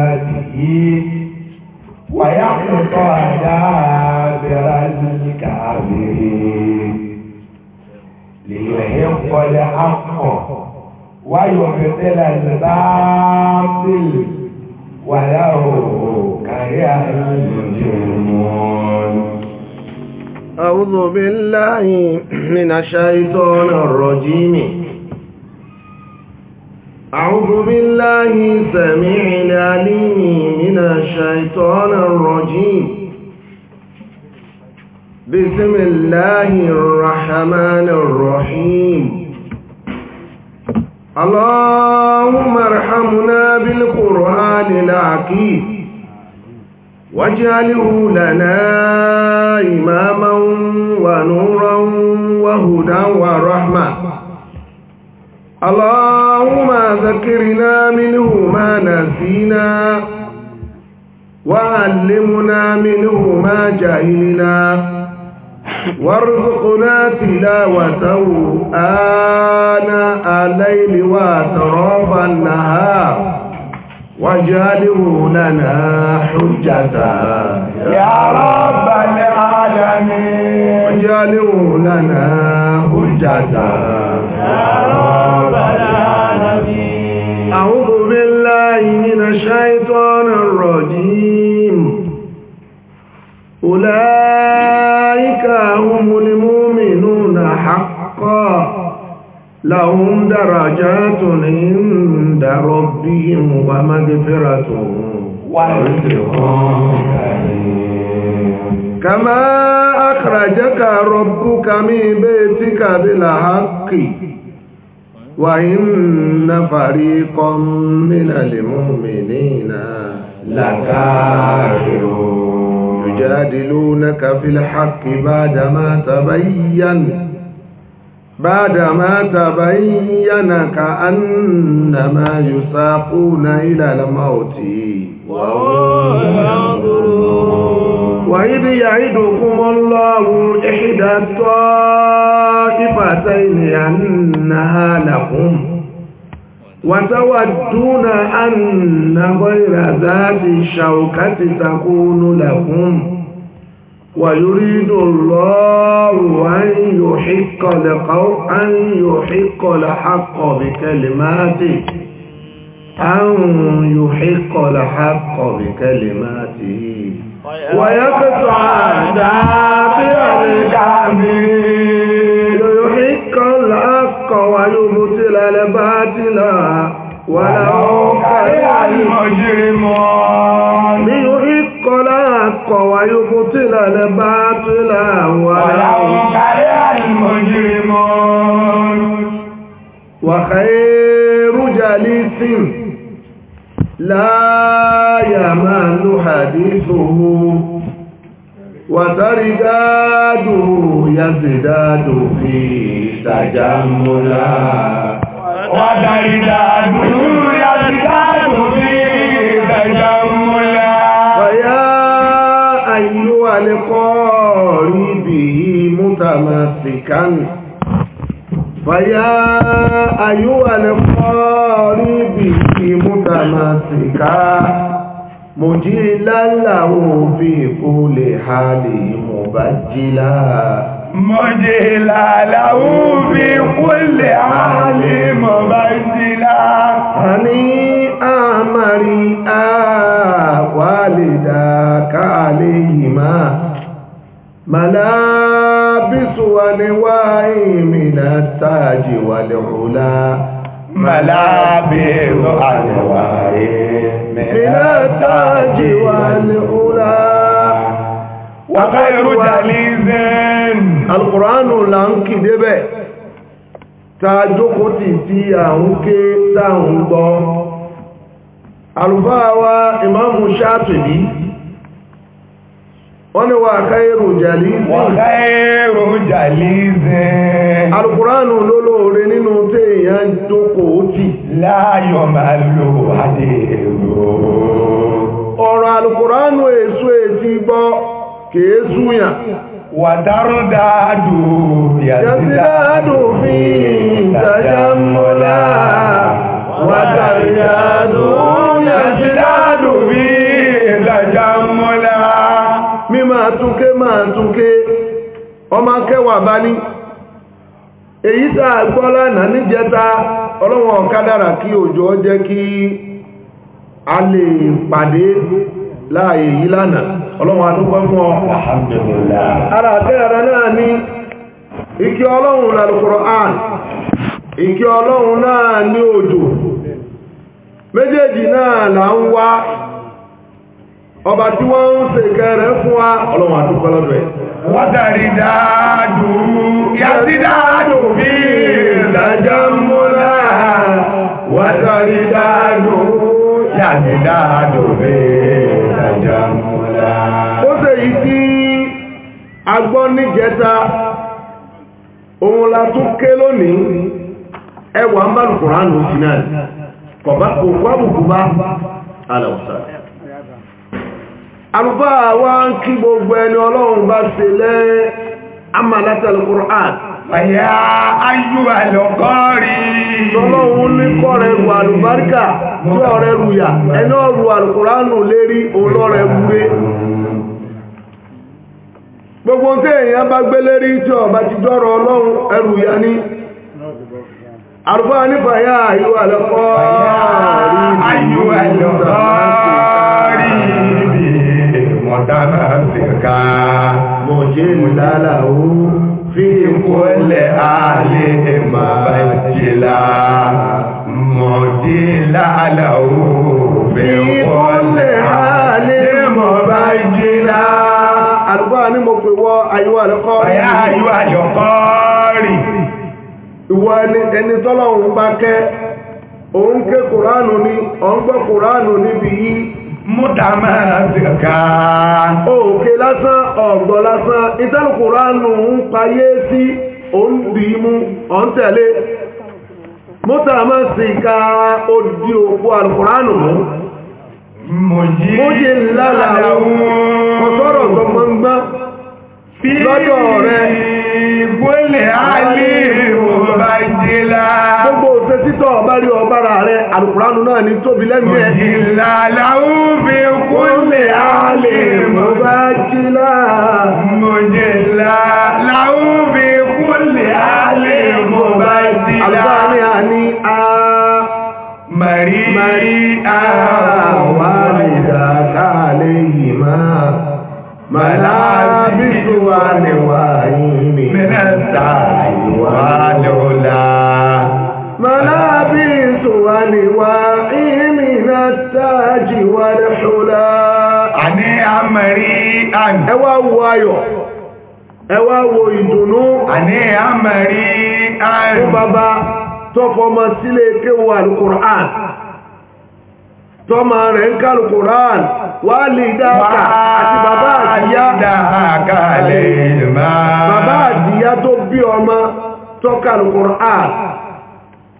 عباده ويحرق دابر الكافرين ليحق الحق ويبطل الباطل ولو كره المجرمون أعوذ بالله من الشيطان الرجيم أعوذ بالله السميع العليم من الشيطان الرجيم بسم الله الرحمن الرحيم اللهم ارحمنا بالقرآن العكيم واجعله لنا إماما ونورا وهدى ورحمة اللهم ذكرنا منه ما نسينا وعلمنا منه ما جهلنا وارزقنا تلاوته آناء الليل وأطراف النهار وجعله لنا حجة يا رب العالمين وجعله لنا جزاء يا رب العالمين أعوذ بالله من الشيطان الرجيم أولئك هم المؤمنون حقا لهم درجات عند ربهم ومغفرة ورزق كريم كما أخرجك ربك من بيتك بالحق وإن فريقا من المؤمنين لكارهون يجادلونك في الحق بعدما تبين بعدما تبين كأنما يساقون إلى الموت وهم ينظرون وإذ يعدكم الله إحدى الطائفتين أنها لكم وتودون أن غير ذات الشوكة تكون لكم ويريد الله أن يحق القول أن يحق الحق بكلماته أن يحق الحق بكلماته ويقطع دابر الكافرين يُحِقُّ الحق ويبطل الْبَاطِلَ ولو كره المجرمون يُحِقُّ الحق ويبطل الْبَاطِلَ ولو كره المجرمون وَخَيْرُ جليس لا يمان حديثه وترداد يزداد في تجملا وترداد يزداد في تجملا فيا أيها القاري به متمسكا فيا أيها القاري áfíríkà mòjí láláwò fi kú lè ha lè mọ̀ bá jílá mòjí láláwò fi kú lè ha lè mọ̀ bá jílá a ní àmàrí àwà lè dáka lè yìmá ملابس ونواعي من التاج والعلا ملابس أنواع من التاج والأولى وغير دليل القرآن là ń kì débẹ̀ tá a jókòó tì tí à ń ké tá ń gbọ́ wa ìmáàmù Ṣáàtìbí wọ́n ni wà káyẹ̀rù jàlízẹ̀ wà káyẹ̀rù jàlízẹ̀ láàyọ̀ máa lò adé èrò ọ̀rọ̀ alùkùránù èsù èsì gbọ́ kèé súyàn wàtàrọ̀dáàdù yàtìláàdù fi mọ́lá wàtàrọ̀dáàdù yàtìláàdù fi ìtàjàmọ́lá mímọ̀ àtúnké máa ọmọ kẹwàá bá ní èyí tàà gbọ́ lánàá níjẹta ọlọ́wọ̀n kádàrà kí òjò jẹ́ kí a lè pàdé láàyè yìí lánàá ọlọ́wọ̀n adúgbọ́ fún ọ ara àtẹ́yàrá náà ní ìkẹ́ ọlọ́run l'Al-Qur'an ọlọ́run náà ní òjò méjèèjì náà là ń ọba tí wọ́n ń kẹrẹ fún wa adúgbọ́ lọ́dọ̀ dáadùn yàtí dáadùn bí sọrí dáàdù ya dáàdù ó yìí tí a gbọ́ jẹta òun la tún ké lónìí ẹwà ń bá lùkùránù sí náà kọ̀bá kò wá bùkù bá àlùfáà kí gbogbo ẹni ọlọ́run bá lẹ́ Àyà ayú àlọ́kọ́rí. Tọ́lọ́hun ní kọ́ rẹ̀ rù àlùbáríkà, tí ọ̀rẹ́ rù yà, ẹni ọ̀rù àlùkùránù lérí olọ́rẹ̀ wúré. Gbogbo tí èèyàn bá gbé lérí tí ọba ti jọ́rọ̀ ọlọ́run ẹrù yà ní. Àrùfá nípa yá ayú àlọ́kọ́rí. Ayú àlọ́kọ́rí. Mọ̀tánà sí ká. Mọ̀jẹ́ ìlàlà في كل أهل مسجلا مدلا له في كل أهل مسجلا Àlùfáà ni mo fi wọ àyíwá lọ́kọ́ rí. Àyá àyíwá lọ́kọ́ rí. Ìwọ ẹni tọ́lọ́run bá kẹ́, òun ké Kùránù ni, òun gbọ́ Kùránù níbi yìí. mútàmáàzìká. òkè lásán ọ̀gbọ̀ lásán ìtẹ́lùkùránù ń payé sí òǹdìímú ọ̀ntẹ̀lé mútàmáàzìká odi òkú alùkùránù mú mújì lálàáwó ọ̀sọ́rọ̀ gbọmgbọ́n lọ́dọ̀ rẹ̀ alùpùránù náà ní tóbi lẹ́mí ẹ̀. ìlàláwù bí kúlẹ̀ àlè mo bá jí láà. mo jẹ láàláwù bí kúlẹ̀ àlè mo bá jí láà. àlùpùránù ní a ní a. màrí àwọn àrìdàkà lè yìí máa. màlábìsù wà níwáyé mi. mẹ́ta ìwà lọ́la. لواعي من التاج والحلى àní àmẹ̀rí àmì ẹ wá wo ayọ̀ ẹ wá wo ìdùnnú àní àmẹ̀rí àmì fún bàbá tọ́fọmọ sílé kéwò alukur'an tọ́mọ rẹ̀ ń kàlù kòrán wà lè dáàkà àti bàbá àdíyá bàbá àdíyá tó bí ọmọ tọ́kàlù kòrán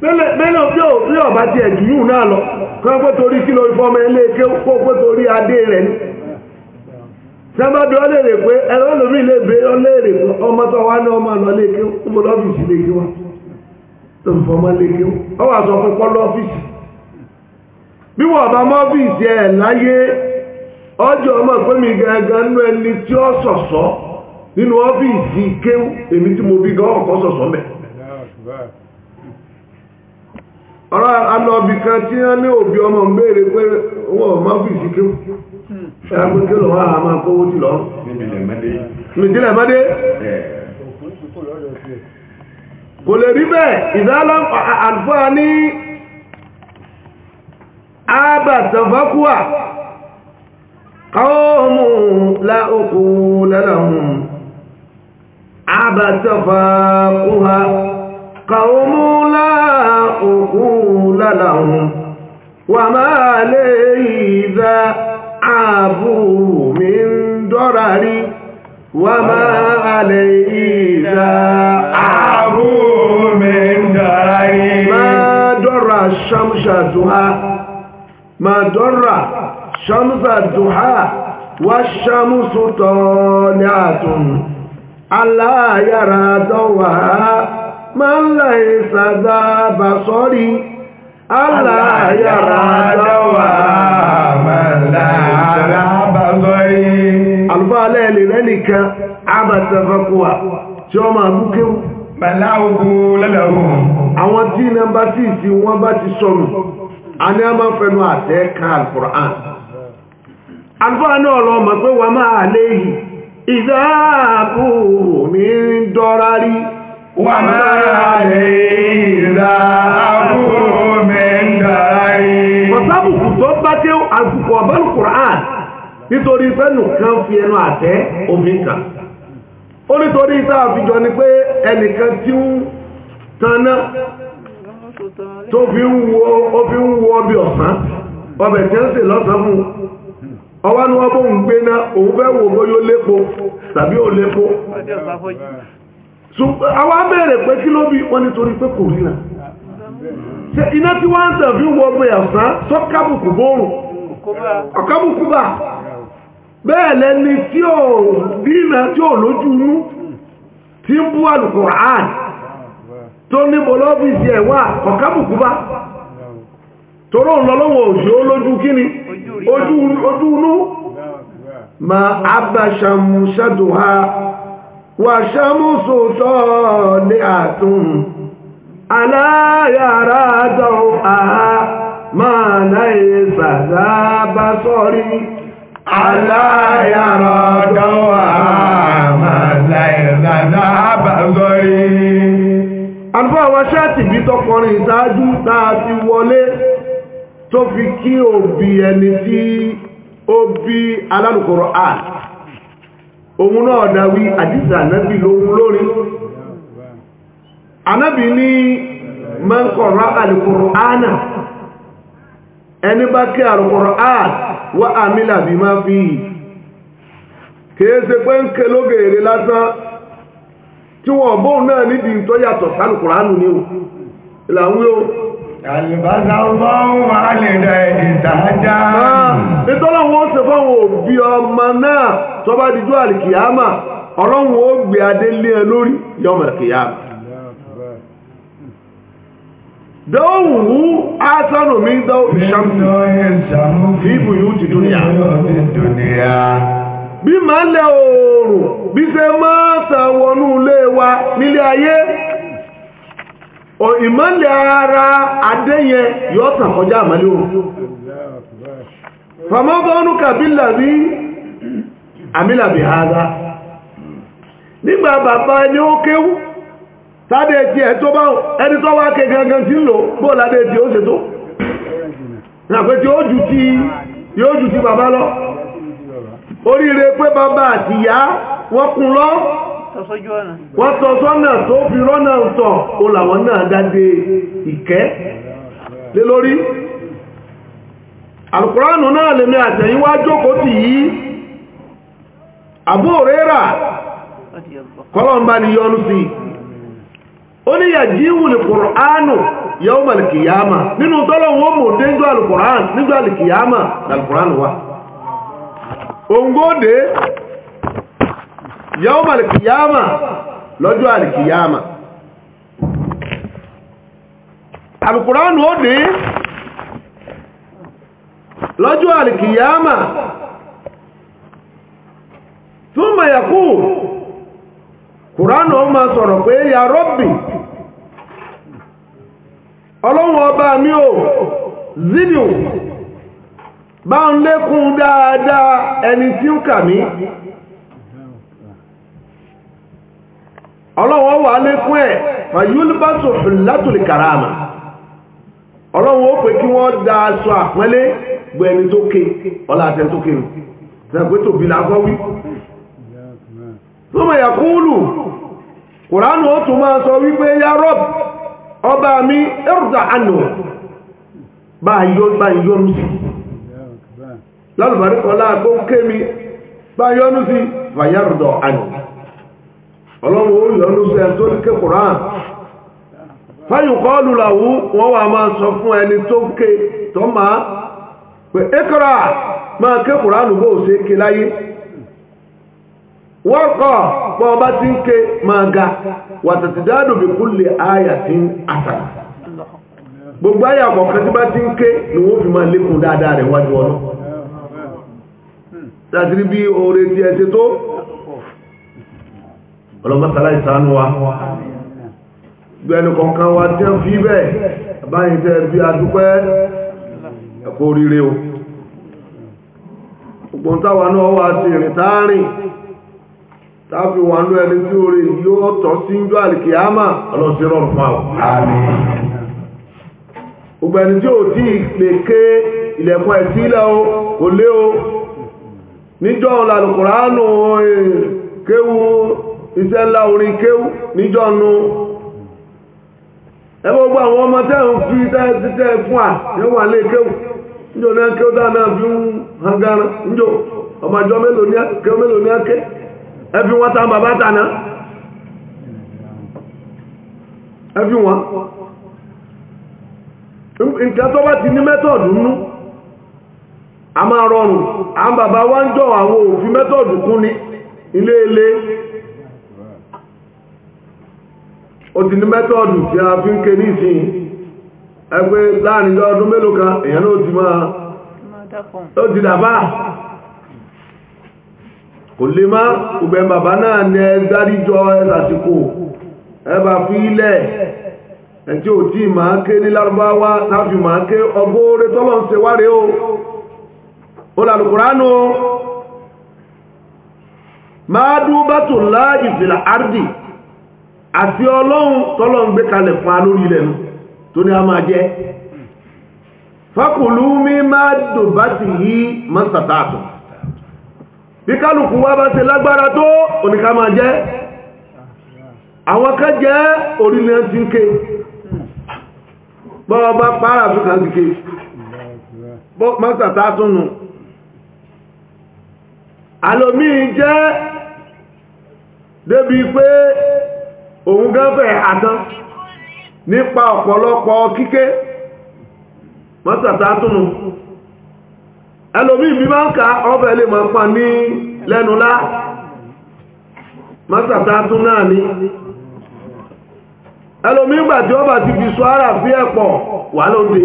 mẹ́lẹ̀ bí ọ̀bá ti ẹ̀jù yìí náà lọ kọ́ pé torí kí lórí fọ́mọ ilé ké kó torí adé rẹ̀ ní sẹ́mbàdé ọ pé ẹ̀rọ lómi lè bè ọ pé ọmọ tó wá ní ọmọ lọ lè ké ó lọ́fíìsì ké wá ké ọ wà sọ lọ́fíìsì bí wọ́n bá mọ́ ọ́fíìsì ẹ̀ láyé ọjọ́ ọmọ gangan nú ọ̀rọ̀ alọ́bì kan tí wọ́n ní òbí ọmọ ń béèrè pé wọ́n ò máa fi ìsìnkú ṣàkó kí lọ́wọ́ àwọn máa kówó ti lọ. nìjìnlẹ̀ mọ́dé. kò lè rí bẹ́ẹ̀ ìdálọ́ àlùfáà ní àbàtàfákúà káwọ́mù láòkú lálàhùn àbàtàfákúà káwọ́mù أقول لهم وما لي إذا عابوا من ضرري وما علي إذا عابوا من ضرري ما ضر الشمس دها ما ضر شمس الضحى والشمس طالعة ألا يرى ضوها máa ń là ń sàdá bàṣọ́rí aláyàrá dáwà àmàlàrá bàṣọ́rí àlùfáà alẹ́ẹ̀lẹ̀ rẹ̀ nìkan àbàtàfàkùwà tí ó máa bú kéwù bàláwùgbò lẹ́lẹ̀rùn àwọn tí nọmbà sí ìsí wọ́n bá ti sọ̀rọ̀ a ní a máa fẹ́nu àtẹ́ kan alkùrán alùfáà náà pé wà máa léyìí ìdáàbò mi ń dọ́ra وما علينا أبوه من داري وصابوا nítorí fẹ́nù kan fi ẹnu àtẹ́ omi ó nítorí ìta àfijọ ni pé ẹnìkan tí ń tanná tó fi ń wo ọbẹ̀ ọ̀sán ọbẹ̀ tí ń sè lọ́sàn fún ọwá ní wọ́n bó ń gbé náà òun fẹ́ àwọn abẹ́rẹ̀ pé kí ló bí wọ́n nítorí pé kò ríra ṣe iná tí wọ́n ń tẹ̀fí wọ ọgbẹ̀ ọ̀sán tó kábùkù bóòrùn ọ̀kábùkù bà bẹ́ẹ̀ lẹ́ni tí ò ríra tí ò lójú inú tí ń bú Al-Qur'an tó níbo lọ́fíìsì ẹ̀ wà ọ̀kábùkù bà òṣì ó lójú kíni ojú inú ma abashamu shaduha wàṣẹ́mùsù tọ́ ní àtún aláyàrá tọ́ àá máa láyé sàdá bá sọ́rí aláyàrá tọ́ àá máa láyé sàdá bá sọ́rí àlùfọ́ àwọn ṣáàtì bí tọkọrin ìtajú táa fi wọlé tó fi kí òbí ẹni tí ó bí alálùkọ̀rọ̀ àà òun náà dáwí àdísà ànábì lóhun lórí ànábì ní mẹ́kànrá al ánà ẹni bá kí al-Qur'an wá àmìlà bí máa fi kìí ṣe pé ń ké lóge èrè lásán tí wọ́n bóun náà nídìí tó yàtọ̀ sálùkùránù ni o ìlàwí tó bá dijú àlìkìyàmà ọlọ́run ó gbé adé lé ẹ lórí yọmọ kìyàmà dọ́wùwú mi dọ́ ìṣàmù fíìbù yóò ti dúnìyà bí máa ń lẹ oòrùn bí ṣe máa sàwọnú ilé wa nílé ayé ìmọ́lẹ̀ ara adẹ́yẹ yọ́ àmàlẹ́ fàmọ́gọ́nù kàbílà àmìlàbì àádá nígbà bàbá ẹni ó kéwú sáde ti ẹ̀ tó bá ẹni tó wá gangan tí ń lò bó ládé tí ó ṣètò ìràpẹ́ tí ó jù ti yóò jù ti bàbá lọ oríire pé bàbá àti ìyá wọ́n kún lọ wọ́n tọ́ sọ́nà tó fi rọ́nà náà dáde ìkẹ́ náà Abu Huraira kọlọ̀mbá ni yọ́nú sí ó ní yàjíwù lè kùránù yawm al-qiyama nínú tọ́lọ̀wọ́ mò déjọ́ alùkùrán nígbà alùkìyàmà alùkùrán wà òǹgóòdé yawm al-qiyama lọ́jọ́ alùkìyàmà alùkùrán ó dé lọ́jọ́ alùkìyàmà túmọ̀ yẹ̀kú kùránù ọmọ sọ̀rọ̀ pé ya rọ́bì ọlọ́run ọba mi ò zidiu bá ń lékún dáadáa ẹni tí ń kà mí ọlọ́run wà lékún ẹ̀ fàyúlùbásù látòlì kàràmà ọlọ́run ó pé kí wọ́n da aṣọ àpẹ́lẹ́ gbẹ̀ẹ́ni tó ké ọlá àtẹ́ tó ké lágọ́wí súnmọ̀ yàkúlù kùránù ó tún máa sọ wípé ya rọ́b ọba mi ẹrùdà ànà bá yọ́nú sí lálùbáríkọ́ láàgbó mi, bá yọ́nú sí fàyàrùdọ̀ ànà ọlọ́run ó yọ́nú sí ẹ tó ké wọ́n wà máa sọ fún ẹni tó ké tọ́ máa pẹ̀ máa ké kùránù bó ké láyé wọ́kọ̀ pọ̀ ọba tí ń ké máa ga wàtàtìdádò bí kú lè áyà tí ń àtàrà gbogbo áyà kọ̀ọ̀kan tí bá ti ń ké ni wọ́n fi máa lékún dáadáa rẹ̀ wájú ọlọ́ látìrí bí oore tí ẹ ṣe tó ọlọ́mọ́sálá ìsánú tafi wà ń ẹni tí oore yóò tọ́ sí ń àlìkìyàmà ọlọ́sẹ̀ rọrùn fún àwọn. gbogbo ẹni tí ò tí lè ké ilẹ̀kùn ẹ̀sí ilẹ̀ o kò lé o níjọ́ làlùkùránù eh, kéwu iṣẹ́ ńlá orin kéwu níjọ́ nu ẹ gbogbo àwọn ọmọ tẹ́ ń fi fún à ẹ wà kéwu níjọ́ náà fi ń hangara níjọ́ ọmọ àjọ mélòó ní ẹbí wọn tán bàbá tàná ẹbí wọn nǹkan tó bá ti ní mẹ́tọ̀dù nú a máa rọrùn a bàbá wá ń jọ àwọn òfin mẹ́tọ̀dù kún ní ilé ilé o ti ní mẹ́tọ̀dù tí a fi ń ké ní ìsìn ẹgbẹ́ láàrin ọdún mélòó kan èèyàn ló ti máa ó ti dàbáà kò lè má ọgbẹ̀ bàbá náà ní ẹgbàríjọ ẹlàsìkò ẹbà fi ilẹ̀ ẹ̀tí ò tí máa ké ní lárúbáwá láfi máa ké ọgóore tọ́lọ̀ ń ṣe wáre o ó lálùkùránù máa dú bátò lá ìfìlà árdì àti ọlọ́run tọ́lọ̀ ń gbé kalẹ̀ fún alórí ilẹ̀ nù tó ní a máa jẹ́ fákùlù máa dò bá sì yí mọ́sàtàtùn bí kálùkù wá bá ṣe lágbára tó oníká máa jẹ́ àwọn kan jẹ́ orílẹ̀ ti ń ké bọ́ọ̀ bá pààrà fún kan kìí bọ́ mọ́sàtà túnnù alòmí jẹ́ débi pé òun gẹ́fẹ̀ àtán nípa ọ̀pọ̀lọpọ̀ kíké mọ́sàtà túnnù ẹlòmí mi máa ń ka ọbẹ̀ lè máa pa ní lẹ́nulá mọ́sàtà tún náà ni ẹlòmí ìgbà tí ọba ti fi sọ ara fi ẹ̀pọ̀ wà lóde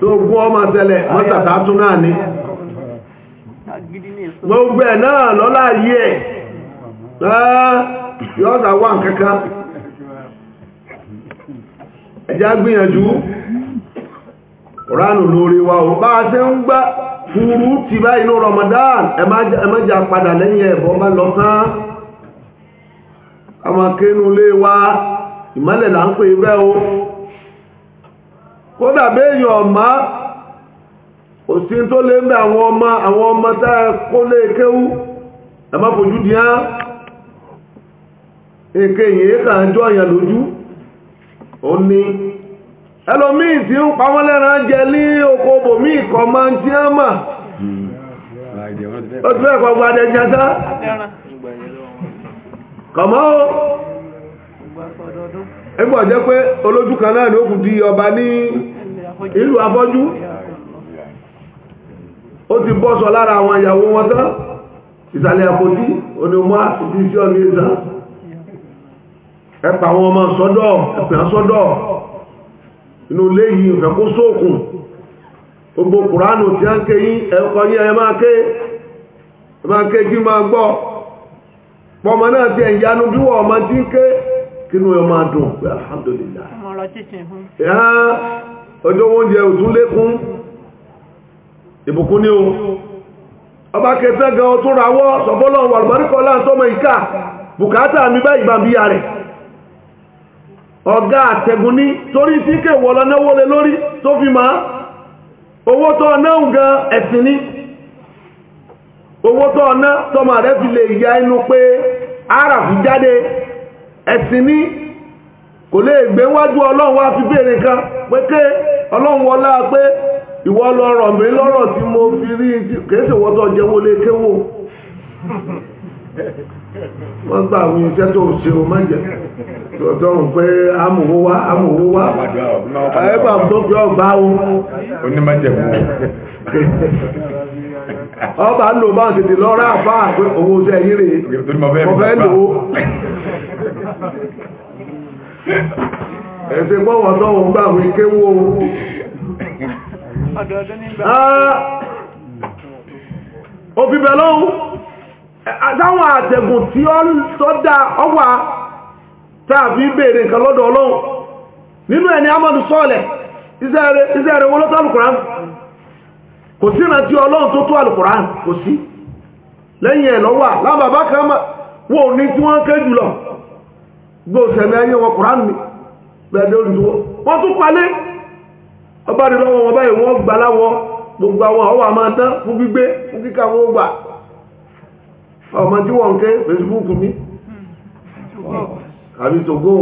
tó gún ọmọ tẹ́lẹ̀ mọ́sàtà tún náà ni gbogbo ẹ̀ náà lọ́lá yí ẹ̀ yọ́ọ̀sà wà kankan ẹ̀já gbìyànjú ránù lórí wa ò bá a ṣe ń gbá ti bá inú Ramadan ẹ má jà padà lẹ́yìn bá lọ tán a máa lé wa ìmọ́lẹ̀ là ń pè bẹ́ẹ̀ o kódà béèyàn ọ̀má òsín tó lé ń bẹ àwọn ọmọ àwọn ọmọ tá kó lé ẹlòmíì tí ń pa wọ́n lẹ́ran jẹ ní oko bòmí ìkọ̀ máa ń tí a mà ó ti fẹ́ pọ̀gbọ́ adẹ́jẹta kọ̀mọ́ o ẹgbọ́ jẹ́ pé olójú kan náà ni ó kù di ọba ní ìlú afọ́jú ó ti bọ́sọ lára àwọn ìyàwó wọn tán ìsàlẹ̀ àpótí onímọ̀ àti iṣẹ́ ọ̀nà ìsá ẹ̀pà àwọn ọmọ sọ́dọ̀ ẹ̀pà sọ́dọ̀ inú ilé yìí nǹkan kó sókùn gbogbo kùránù tí a ń ké yí ẹ̀kọ́ yí ẹ máa ké ẹ máa ké kí máa gbọ́ náà ti bí wọ́n ọmọ tí ń ké dùn pé alhamdulillah ọjọ́ oúnjẹ òtún ìbùkún ní o ọ̀gá àtẹ̀gùn ní torí tí kèwọ̀ lọ náwó lórí tó fi máa owó tó ọ̀nà ǹgan ẹ̀sìn ní owó tó ọ̀nà tọmọ rẹ̀ fi lè ya inú pé ara fi jáde ẹ̀sìn ní kò lè gbé wájú ọlọ́run ọlọ́run wọ́n gbà àwọn iṣẹ́ tó ṣe o jẹ́ tọ́tọ́ ń pé amòwó wá amòwó wá ẹgbà tó fi ọgbà o onímọ̀jẹ̀mú ọba ń lò bá tètè lọ rá àpá àpé owó oṣù ẹ̀yìn rè ọ̀fẹ́ lò ó ẹ̀sìn pọ́wọ́ tó ń àtàwọn àtẹ̀gùn tí ó ń sọ́dá ọwà tààfi bèèrè nǹkan lọ́dọ̀ ọlọ́run nínú ẹni amọ́dù sọ́ọ̀lẹ̀ iṣẹ́ rẹ̀ wọ́n lọ́tọ́ alùkùrán kò sí ìrántí ọlọ́run tó tó alùkùrán kò sí lẹ́yìn ẹ̀ lọ́wà lábàbá kan ní tí wọ́n ọmọ tí wọ́n ń ké Facebook ní hmm. àbí tògó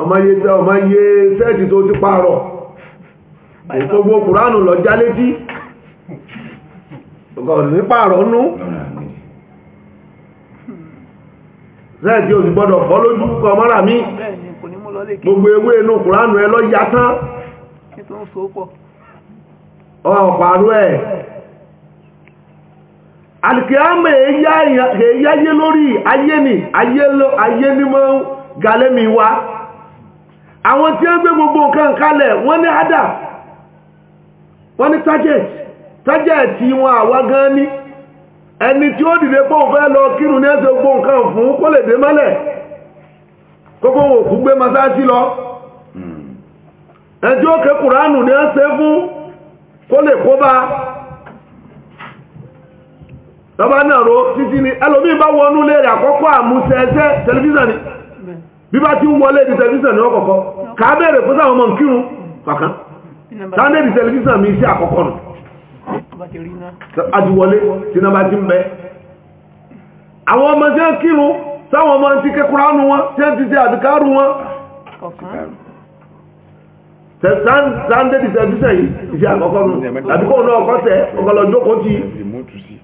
ọmọ yé ọmọ yé sẹ́ẹ̀tì tó ti pààrọ̀ gbogbo kùránù lọ já létí ọ̀gọ̀dù ní pààrọ̀ nú sẹ́ẹ̀tì ò sì gbọ́dọ̀ fọ́ lójú kọ mọ́ra mi gbogbo ewé inú kùránù ẹ lọ yá tán ọ̀pàrọ̀ ẹ̀ alikiyama èyí ayé lórí ayé ni ayé ni mọ́ galẹ́mi wá àwọn tí gbogbo nǹkan kalẹ̀ wọ́n ni hádà wọ́n ní target target won awa gan ní ẹni tí ó dìde pọ́ fẹ́ lọ kírun ní se gbogbo nǹkan fun kó lè dé mọ́lẹ̀ gbogbo òkú gbé lo lọ hmm. ẹjọ́ kẹkùránù ni ẹsẹ̀ fún kó lè kó bá tọ́bá náà ro títí ni ẹlòmí bá wọnú lé rẹ̀ àkọ́kọ́ àmúṣẹ́ṣẹ́ tẹlifíṣàn ni bí bá ti ń wọlé di tẹlifíṣàn ni ọkọ̀kọ́ ká bẹ̀rẹ̀ fún sáwọn ọmọ nkírun kọ̀kan sáńdé di tẹlifíṣàn mi sí àkọ́kọ́ nù adìwọlé tí náà bá ti ń bẹ àwọn ọmọ tí ń kírun sáwọn ọmọ tí kẹkùrá nu wọn tí ń ti ṣe àdìkárù wọn sáńdé di tẹlifíṣàn yìí ìṣe àkọ́kọ́ nù àdìkọ́ náà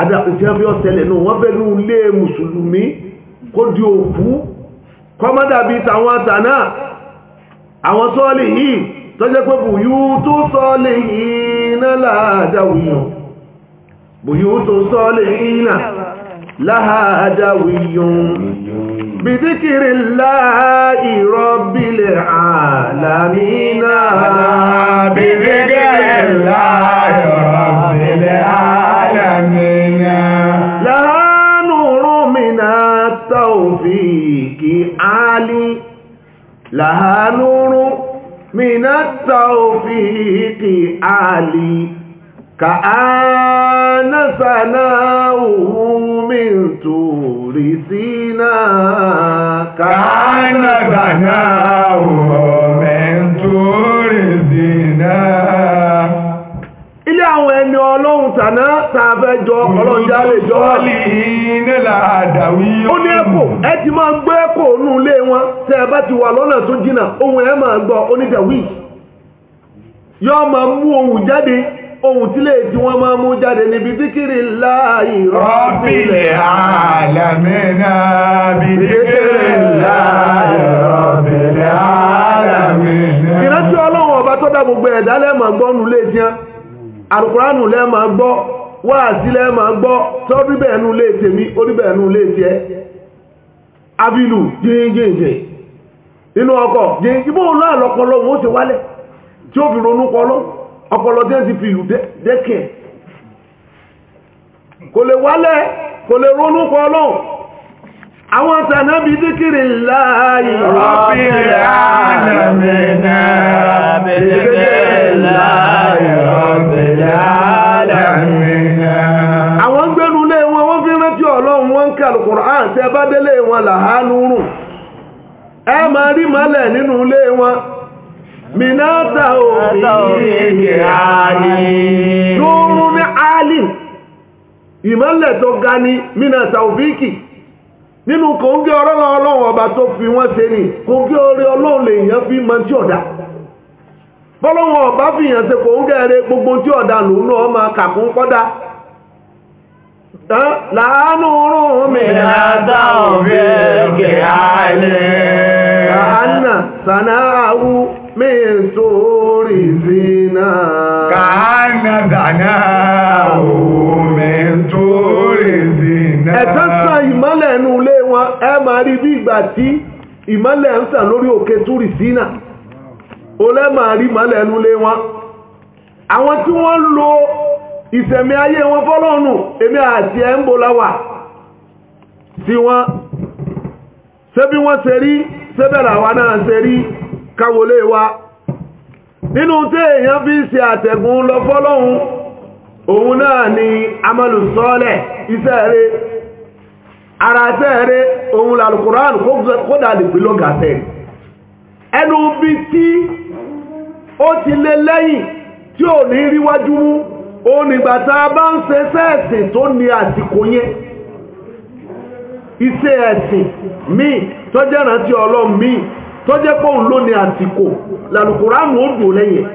àdàkùn tí wọ́n fi ọ̀sẹ̀lẹ̀ náà wọ́n bẹ̀rù ilé mùsùlùmí kó di òkú kọ́mọ́dà bíi tàwọn àtànà àwọn sọ́ọ̀lì yìí tọ́jẹ́ pé bùyú tó sọ́ọ̀lì yìí náà láàdáwìyàn bùyú tó sọ́ọ̀lì yìí náà láàdáwìyàn bìdíkìrì láì rọ́bìlẹ̀ àlàmínà عالي لها نور من التوفيق عالي كأن سناؤه من تور سيناء كأن سناؤه من تور سيناء àwọn ẹni ọlọ́run tàná tààfẹ́ jọ ọlọ́run já lè jọ wọ́n. ó ní ẹ̀kọ́ ẹ ti máa ń gbé ẹ̀kọ́ nù ilé wọn tẹ́ ẹ ti wà lọ́nà tó jìnnà ohun ẹ máa gbọ́ onídàwí yóò máa mú ohun jáde ohun tí lè wọ́n máa mú jáde níbi díkìrì láàyè rọ́bìlẹ̀ bí díkìrì láàyè rọ́bìlẹ̀ ìrántí ọlọ́run ọba tó dá gbogbo ẹ̀dá àlùkùránù ma máa gbọ́ wáàsí lẹ́ gbọ́ tó rí bẹ́ẹ̀ tèmi orí rí lè nú abilu inú ọkọ̀ jíjìn bó náà lọ́pọ̀lọ́ wọn ti wálẹ̀ tí ó fi ọpọlọ tí ti fi ìlú dẹ́kẹ̀ kò lè wálẹ̀ kò lè àwọn tànábí díkìrì àwọn gbẹ́nu lé wọn wọ́n fi rántí ọlọ́run wọ́n ń bá délé wọn làhánú rùn ẹ máa rí mọ́lẹ̀ nínú ilé wọn mìnàtà òmìnì lóòrùn ní alìm ìmọ́lẹ̀ tó ga ní mìnàtà òfíìkì nínú ọlọ́run ọba tó fi wọ́n bọ́lọ́wọ́ ọba fìyàn ṣe ń gbogbo tí ọ̀dànù náà ma kàkún kọ́dá láàánú rún mi látà òfin ẹgbẹ̀ alẹ́ àánà sànáàwú mi sórí zina sànáàwú mi sórí ẹ̀tọ́ sọ ìmọ́lẹ̀ ẹnu ilé wọn ẹ máa rí bí ìgbà tí ìmọ́lẹ̀ ń sàn lórí òkè túrì olè máa rí wọn àwọn tí wọ́n lo ìsẹ̀mí ayé wọn fọ́lọ́nù èmi àti ẹ̀ ń bò láwà sí wọn ṣé bí wọ́n ṣe rí ṣé náà ṣe rí káwọlé wa nínú tí èèyàn fi ṣe àtẹ̀gùn lọ fọ́lọ́hun òun náà ni iṣẹ́ ara òun làlùkùránù kódà lè gbé lọ́gàtẹ̀ ẹnu bí tí ó ti lé lẹ́yìn tí ò ní ríwájú mú ó bá ń ṣe sẹ́ẹ̀sìn tó ní àsìkò yẹn iṣẹ́ ẹ̀sìn míì tọ́jẹ́ rántí ọlọ́run míì pọ́ùn ló ní àsìkò làlùkùránù ó dùn lẹ́yìn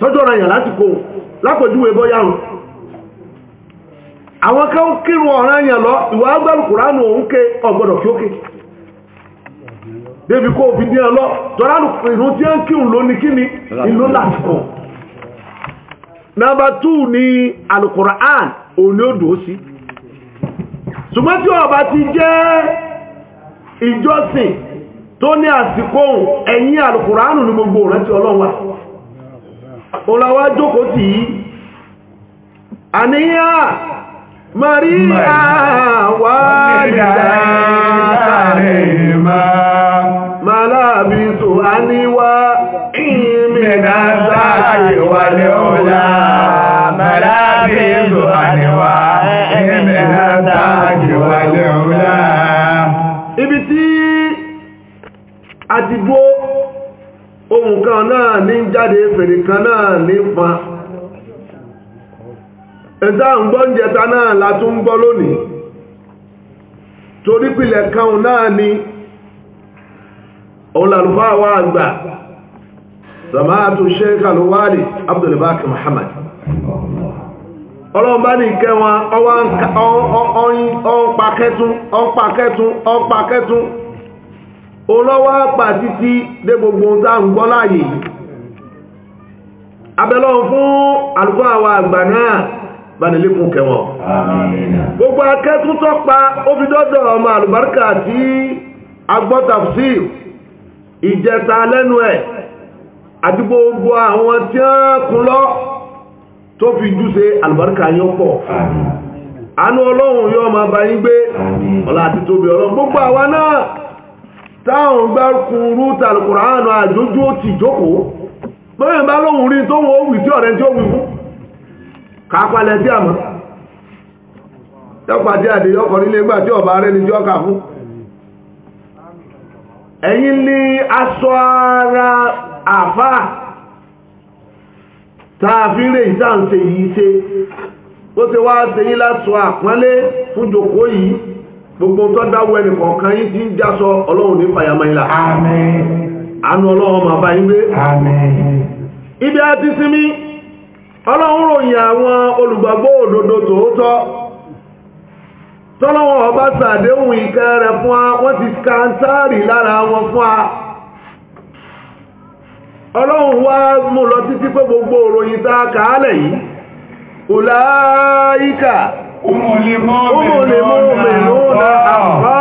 tọ́jọ́ ra yàn lásìkò lápòjúwe àwọn kírun lọ ìwà débi kó òfin díẹ̀ lọ tọ́lá ìrún tí ó ń kírun ló ní kíni ìlú lásìkò nọmba tù ní alukur'an òní odò sí ṣùgbọ́n tí ọba ti jẹ́ ìjọsìn tó ní àsìkò ẹ̀yìn alukur'an ní gbogbo rẹ̀ ọlọ́wà ọlọ́wà jókòó tì Maria wà ní àárẹ̀ máa aláàbíso a níwá ìmìnà sáàkì wàlé ọ̀la aláàbíso a níwá ìmìnà sáàkì wàlé ọ̀la ibi tí a ti dúó ohun kan náà ní jáde fèrè kan náà ní fa ẹ̀ta ń gbọ́ ń jẹta náà látún gbọ́ lónìí torípìlẹ̀ kan náà ni ọlọ́lùfà wa àgbà sàmáàtù sheik alwali abdulbaki muhammad ọlọ́mbá ní ìkẹ́ wọn ọwá ọpakẹ́tún ọpakẹ́tún ọpakẹ́tún olọ́wọ́ pa títí dé gbogbo ta ń gbọ́ láàyè abẹ́lọ́ fún àlùfáà wa àgbà náà bánilékún kẹwọn gbogbo akẹ́tún tọ́pa ó fi dọ́dọ̀ ọmọ àlùbáríkà tí agbọ́tàfsíl ìjẹta lẹ́nu ẹ̀ àti gbogbo àwọn tí ó kún tó fi júse àlùbáríkà yóò pọ̀ àánú ọlọ́run yóò máa bá gbé ọlá àti tóbi ọlọ́run gbogbo àwa náà táwọn gbárùkún rúta alùkùránù àjójú ti jókòó mọ́rin bá lóhun rí tó wọ́n wì tí ọ̀rẹ́ tí ó wì fún kàápalẹ̀ tí àmọ́ tọ́pàá tí àdéyọkọ̀ nílé gbà tí ọ̀bá rẹ̀ tí ẹ̀yin ní aṣọ ara àfá tààfíre ìtàǹsẹ̀ yìí ṣe ó ti wá tẹ́yí láṣọ àpọ́nlé fún jòkó yìí gbogbo tó dáwọ ẹnì kọ̀ọ̀kan yìí ti ń jásọ ọlọ́run ní fàyàmọ́ àánú ọlọ́run màá bá yín ibi a ti sinmi ọlọ́run ròyìn àwọn olùgbàgbọ́ òdodo tòótọ́ tọ́lọ́wọ́ ọba sàdéhùn ìkẹ́ rẹ̀ fún a wọ́n ti kàntáàrì lára wọn fún a ọlọ́run wá mú títí pé gbogbo òròyìn tá a kàálẹ̀ yìí ọláíkà ọmọlẹ́mọ́mẹ́lọ́nà àpá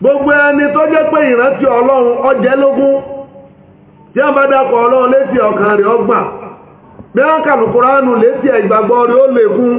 gbogbo ẹni tó jẹ́ pé ìrántí ọlọ́run ọjẹ́ lógún wọ́n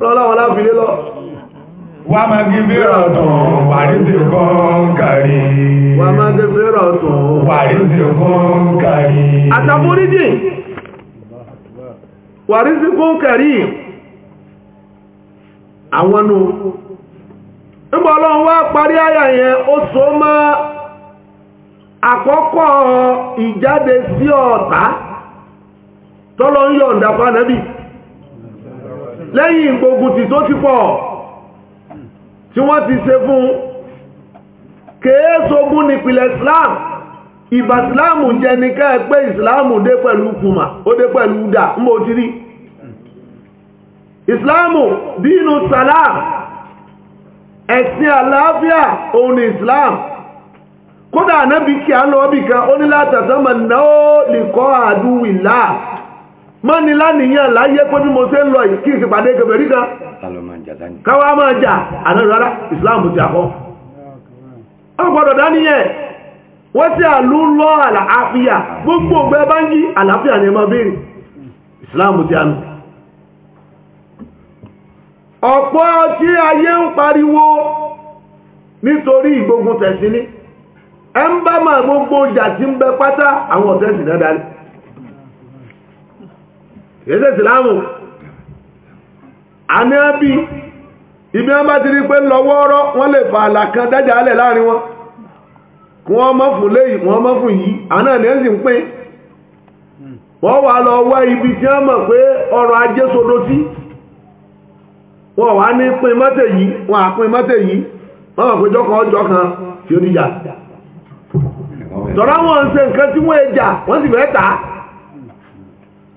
lọ́láwọ́ láfilé lọ wà má gí fẹ́rọ̀ tún wàrí sí kún kàrí wà má gí fẹ́rọ̀ tún wàrí sí kàrí wàrí kàrí àwọn nù wá parí àyà yẹn ó so mọ́ àkọ́kọ́ ìjáde sí ọ̀tá tọ́lọ́ ń yọ̀ǹda lẹ́yìn gbogbo tí tó ti pọ̀ tí wọ́n ti ṣe fún kèéṣogún nípìlẹ̀ islam ìbà ìsìláàmù jẹ́ ní kẹ́ẹ̀pẹ́ dé pẹ̀lú kùmà ó dé pẹ̀lú dà ń ti rí dínú sàlámù ẹ̀sìn àlàáfíà òun ni islam kódà kí a ó ní látàtàmà náà lè kọ́ má ní lánìyàn láyé pé bí mo ṣe ń lọ yìí kí ìsìpàdé ìsìláàmù ti àkọ́ ọgbọ́dọ̀ dáníyẹ̀ wọ́n tí àlú ń lọ àlàáfíà gbogbo ọgbẹ́ bá àlàáfíà ní ẹmọ ìsìláàmù ti ọ̀pọ̀ tí ayé ń pariwo nítorí ìgbógun tẹ̀sí ní gbogbo ìjà ń àwọn ọ̀tẹ́sì náà ẹ̀sẹ̀ ìsìláàmù anábì ibi wọn bá ti rí pé lọ́wọ́ọ́rọ́ wọn lè fa ala kan dájà alẹ̀ láàrin wọn kí wọ́n mọ́ fún léyìí wọ́n mọ́ fún yìí àná ní ẹ̀sìn ń wọ́n wà lọ wá ibi tí wọ́n mọ̀ pé ọrọ̀ ajé sodo sí wọ́n wà ní pín mọ́tẹ̀ yìí wọ́n á pín mọ́tẹ̀ yìí wọ́n mọ̀ pé jọ́kan ọjọ́ tí wọn ṣe nǹkan jà wọ́n sì fẹ́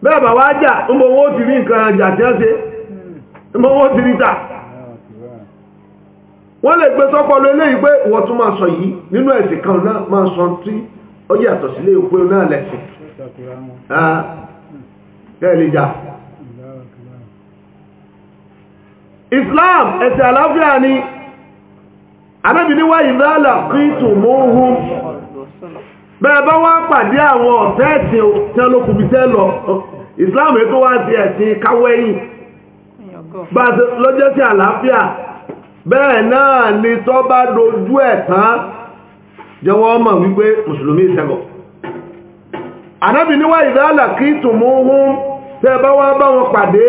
bẹ́ẹ̀bà wá jà ń bọ̀ wọ́n ti rí nǹkan jà tí ó ṣe ń bọ̀ wọ́n ti rí tà wọ́n lè gbé sọ́pọ̀lọ́ eléyìí pé wọ́n tún máa sọ yìí nínú ẹ̀sìn kan náà máa sọ tí ó yàtọ̀ sílé òpin náà lẹ́sìn ẹ̀lẹ́jà Islam ẹ̀sìn àlàáfíà ni anábìníwá ìdáàlà kí tùmọ̀ ohun bẹ́ẹ̀ bá wá pàdé àwọn ọ̀tẹ́ ẹ̀sìn tán ló lọ Islam ètò wá ti ẹ̀sìn káwẹ́yìn bá lọ́jọ́ sí àlàáfíà bẹ́ẹ̀ náà ni tọ́ bá dojú ẹ̀ tán jẹ́wọ́ ọmọ wípé mùsùlùmí ìṣẹ́gọ̀ ànábì níwá ìdálà kí tùmú hún tẹ́ bá wá bá wọn pàdé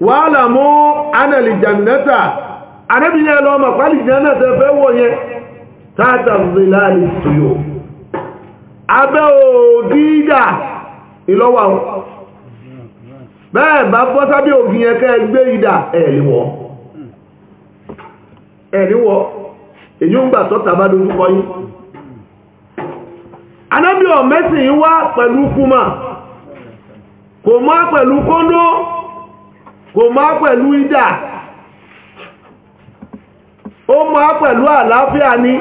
wàhálà mú anàlìjànẹ́ta anẹ́bìyàn lọ mọ̀ pàlìjànẹ́ta fẹ́ wọ̀ yẹn tààtà zìláàlì tuyò abẹ́ ògídà ìlọ́wà bẹ́ẹ̀ bá bọ́ sábẹ́ ògìn yẹn kẹ́ gbé ìdà ẹ̀ríwọ̀ ẹ̀ríwọ̀ èyí ń gbà tọ́ta bá dojúkọ yí anẹ́bìyàn mẹ́sìn wá pẹ̀lú kúmà kò mọ́ pẹ̀lú kóndó kò máa pẹ̀lú ìdà ó máa pẹ̀lú àlàáfíà ní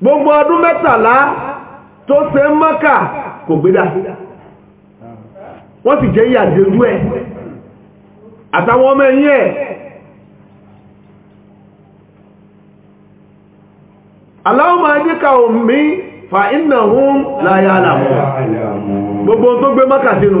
gbogbo ọdún mẹ́tàlá tó ṣe mọ́kà kò gbédà wọ́n sì jẹ́ ìyàjẹ́rú ẹ̀ àtàwọn ọmọ ẹ̀yìn ẹ̀ aláwọ̀mọ̀ ajíkà omi fa iná hún láyá àlàmọ́ gbogbo tó gbé mọ́kà sínú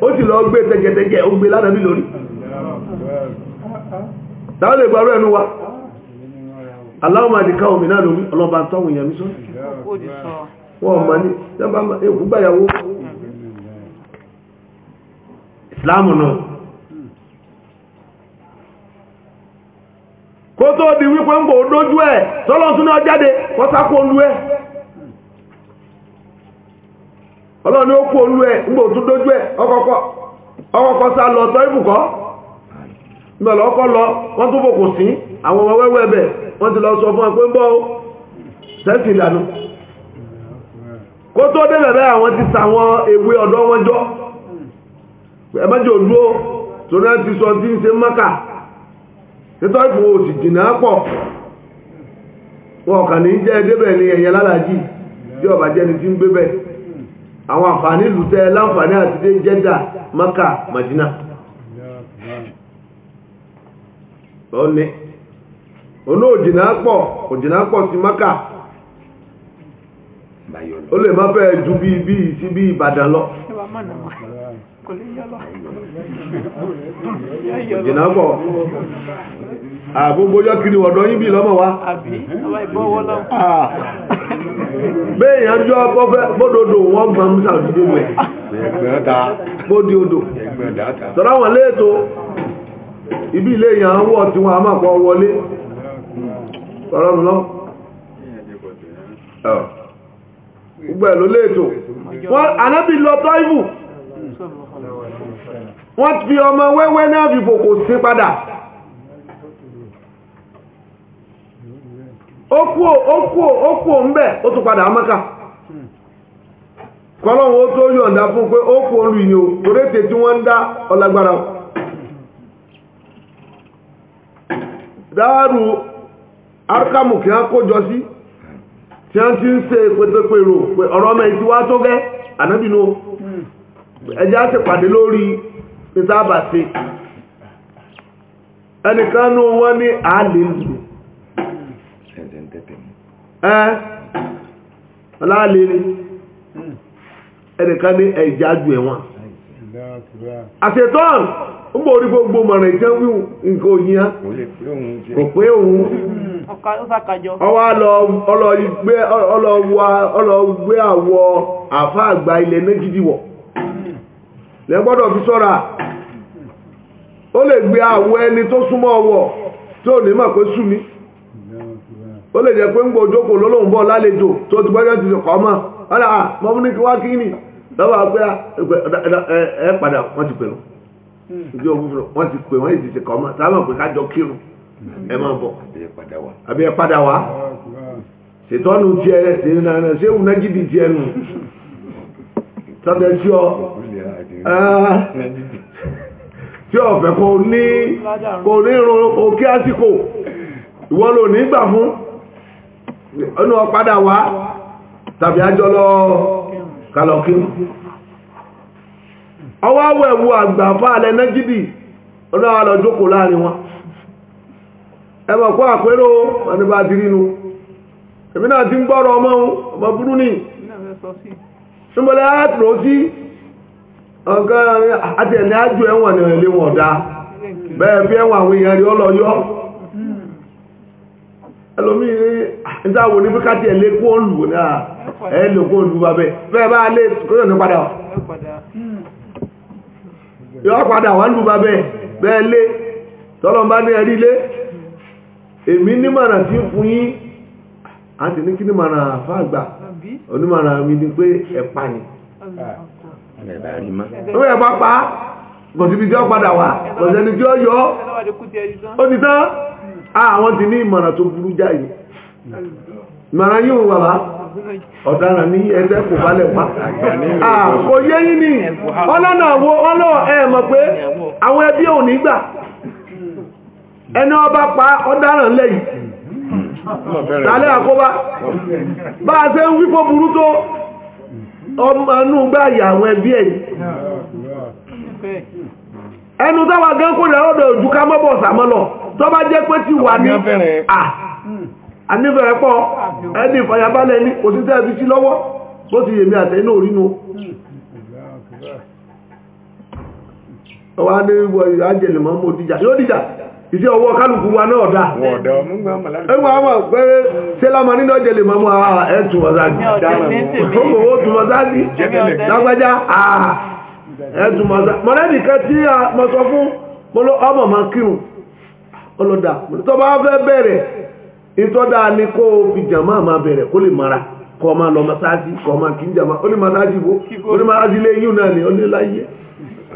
o sì lọ gbé tẹ́gẹ̀tẹ́gẹ̀ ó gbé lánàbí lórí táwọn lè gbọ́rọ̀ ẹnu wa aláwọ̀má àdìká òmìnà lórí ọlọ́ba tọ́wọ̀ ìyàmí sọ wọ́n ma ní di wípé ń bò ó dójú ẹ̀ tọ́lọ́súná jáde olú ọlọ́run ó kú olú ẹ̀ nígbà tún dójú ẹ̀ ọkọ̀ọ̀kọ̀ lọ tọ́ ìbùkọ́ ìbẹ̀lẹ̀ ọkọ̀ lọ wọ́n tún fòkò sí àwọn ọmọ wẹ́wẹ́ ẹ̀bẹ̀ wọ́n ti lọ sọ fún ẹ pé ń ìlànà kó tó dé bẹ̀rẹ̀ àwọn ti ewé ọ̀dọ́ wọn jọ tó náà ti sọ tí ń ṣe mọ́kà títọ́ ìfò òsì pọ̀ wọn ní jẹ́ débẹ̀ ní ẹ̀yẹ lálàájì ti ń gbé bẹ́ẹ̀ àwọn àǹfààní ìlú tẹ́ láǹfààní àti dé jẹ́dà maka madina lọ́ní oní òjìnà pọ̀ òjìnà pọ̀ sí maka ó lè má fẹ́ ju bí bí sí bí ìbàdàn lọ òjìnà pọ̀ àgbogbo yọ́kiri ọ̀dọ́ yín bí lọ́mọ̀ wá àbí ọba ìbọ̀wọ́ náà béèyàn jọ bọ́fẹ́ bódòdó wọ́n gbà ń sàdúgbò mẹ́ bódi odò tọ́lá wọn léètò ibi ilé èèyàn ń wọ̀ tí wọ́n a máa kọ́ wọlé ọlọ́run lọ gbogbo ẹ̀ ló léètò wọ́n anábì lọ tọ́ìbù wọ́n fi ọmọ wẹ́wẹ́ náà fi fòkò sí padà o kwuo kwuo kwuo mgbe o so amaka column o to yi onda fun pe o kwuo nri ni o irete ti won da olagbaram daaru arkamu ki a kojosi ti a n ti n se pete pero orome isi wa to ge anabinu e jasi padi lori nzaba si elikanu won ni a le ẹ́ ọláàlẹ́rẹ́ hmm. ẹnìkan ní ẹ̀já ju ẹ̀wọ̀n àṣetán ń bò orí gbogbo mọ̀rìn jẹ́ wí nǹkan òyìn á kò pé òun hmm. ọwọ́ ọlọ́gbé àwọ àfá àgbà ilẹ̀ méjìdíwọ̀ hmm. lẹ́gbọ́dọ̀ fi sọ́ra ó lè gbé àwọ ẹni tó súnmọ́ ní mọ̀ pé o lè jẹ́ pé ń gbòjókò lọ́lọ́hún bọ̀ lálejò tó ti gbọ́jọ́ ti sọ̀kọ́ ah, mọ́ ọ̀nà à mọ́mú ní kí wá kí ni lọ́wọ́ pé ah, ẹ padà wọ́n ti pè ìjọ hmm. òfurufú wọ́n ti pè wọ́n ti sọ̀kọ́ mọ́ sábà pé kájọ kírun ẹ bọ̀ Ọnụ ọ̀padà wa tabi àjọ lọ kàlọ̀kí ọwọ́ àwọ̀ agba àgbàfà alẹ nẹgidi ọ̀nà àlọ́ jókòó láàrin wọn ẹmọ̀ kó àpérò ti èmi náà ti ń ọmọ ọmọ burú ní ṣúmọ́lẹ̀ sí àti fi àwọn èèyàn ẹlòmíì ìdáwò ní bíkátì ah, ẹ̀ lé góòlù náà ẹ̀ lè bá lè kóyọ̀ ní padà yọ́ padà wà lù babẹ́ bẹ́ẹ̀ lé tọ́lọ́mbá ní ẹ̀rí lé èmi nímọ̀nà tí ń fún yín a ti ní kí nímọ̀nà fàgbà onímọ̀nà mi ni pé ẹ̀pà ni Ah, àwọn ti ní ìmọ̀ràn tó burú jáyé ìmọ̀ràn yóò ọ̀daràn ní ẹgbẹ́ kò bá lẹ̀ wá ah, kò yé ní ọlọ́nà àwọn ọlọ́ ẹ̀mọ̀ pé àwọn ẹbí ò ní gbà ẹni ọba pa ọ̀daràn lẹ́yìn tàlẹ́ àkóbá bá a ṣe ń burú tó àwọn ẹbí ẹ̀yìn ẹnu gán ká mọ́bọ̀ sàmọ́lọ̀ tó bá jẹ́ pé ti wà ní ànífẹ̀ẹ́ ah, pọ̀ ẹni ìfàyàbálẹ̀ ní kò sí tẹ́ẹ̀bí sí lọ́wọ́ bó ti yèmí àtẹ́ inú orínú ọwá ní ìwọ̀ ìrájẹ̀lẹ̀ mọ́ mọ́ díjà yóò díjà ìṣẹ́ ọwọ́ kálùkù wa náà dá ẹgbà mọ̀lẹ́bì kẹ́ tí a mọ̀ sọ fún ọmọ mọ́ kírùn ọlọ́dà tó bá fẹ́ bẹ̀rẹ̀ ìtọ́dà ní kó o fi jàmá ma bẹ̀rẹ̀ kó lè mara kọ́ lọ masáàjì kọ́ máa kí ń jàmá ó ní masáàjì wo ó ní lé yíò náà ni ó ní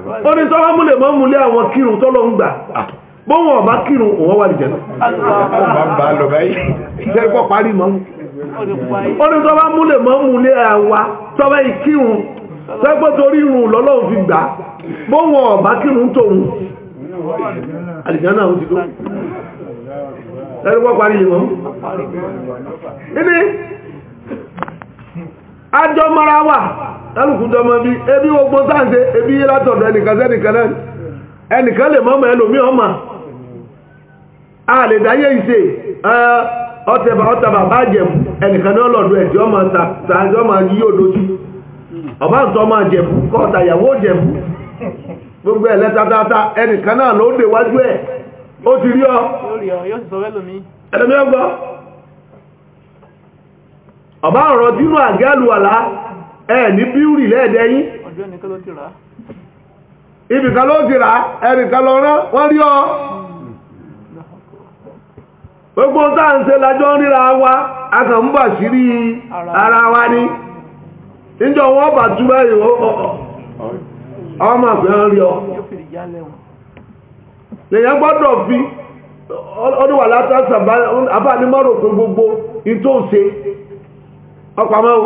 mọ́ àwọn kírun tọ́lọ́ ń gbà ọba kírun òun wà ó ní àwa ọba kírun tòun àdìjá náà ó ti tó ẹgbẹ́ parí ìmọ̀ ibi ajọ mara wà lálùkù bí ebi gbogbo sáǹsẹ ebi yé látọ̀dọ̀ a ọtẹ̀bà ọtẹ̀bà bá jẹ̀mù ẹnìkan náà lọ́dọ̀ ẹ̀ tí ọmọ tàǹsì ọmọ yíyó dojú ọba ń tọ́ ọmọ jẹ̀mù kọ́ ọ̀tà ìyàwó gbogbo ẹ̀ taata, ẹnìkan náà ló dé wájú ẹ̀ ó ti rí ọ ẹ̀lẹ́mí ọba ọ̀rọ̀ dínú àgẹ́lùwàlá ẹ̀ ní bíúrì lẹ́ẹ̀dẹ́yìn ibìkan ló ti rà ẹnìkan lọ rán wọ́n rí ọ gbogbo táà ń ṣe lájọ́ ríra wa ara wa níjọ wọ́n ọmọ àgbẹ̀ ń rí ọ lèyàn gbọ́dọ̀ fi ọdúnwà látàṣà bá ní mọ́rò gbogbo ìtò ṣe ọpamọ́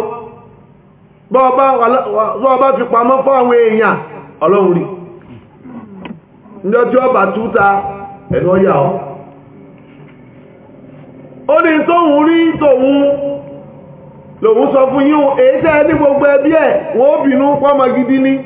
bọ́ọ̀bá fi pamọ́ àwọn èèyàn ọlọ́run rí ọba túta ẹ̀nà ọyà ọ́ ó ní tóhun rí tóhun lòun sọ fún yíò èyí tẹ́ ní gbogbo ẹbí ẹ̀ wọ́n bínú gidi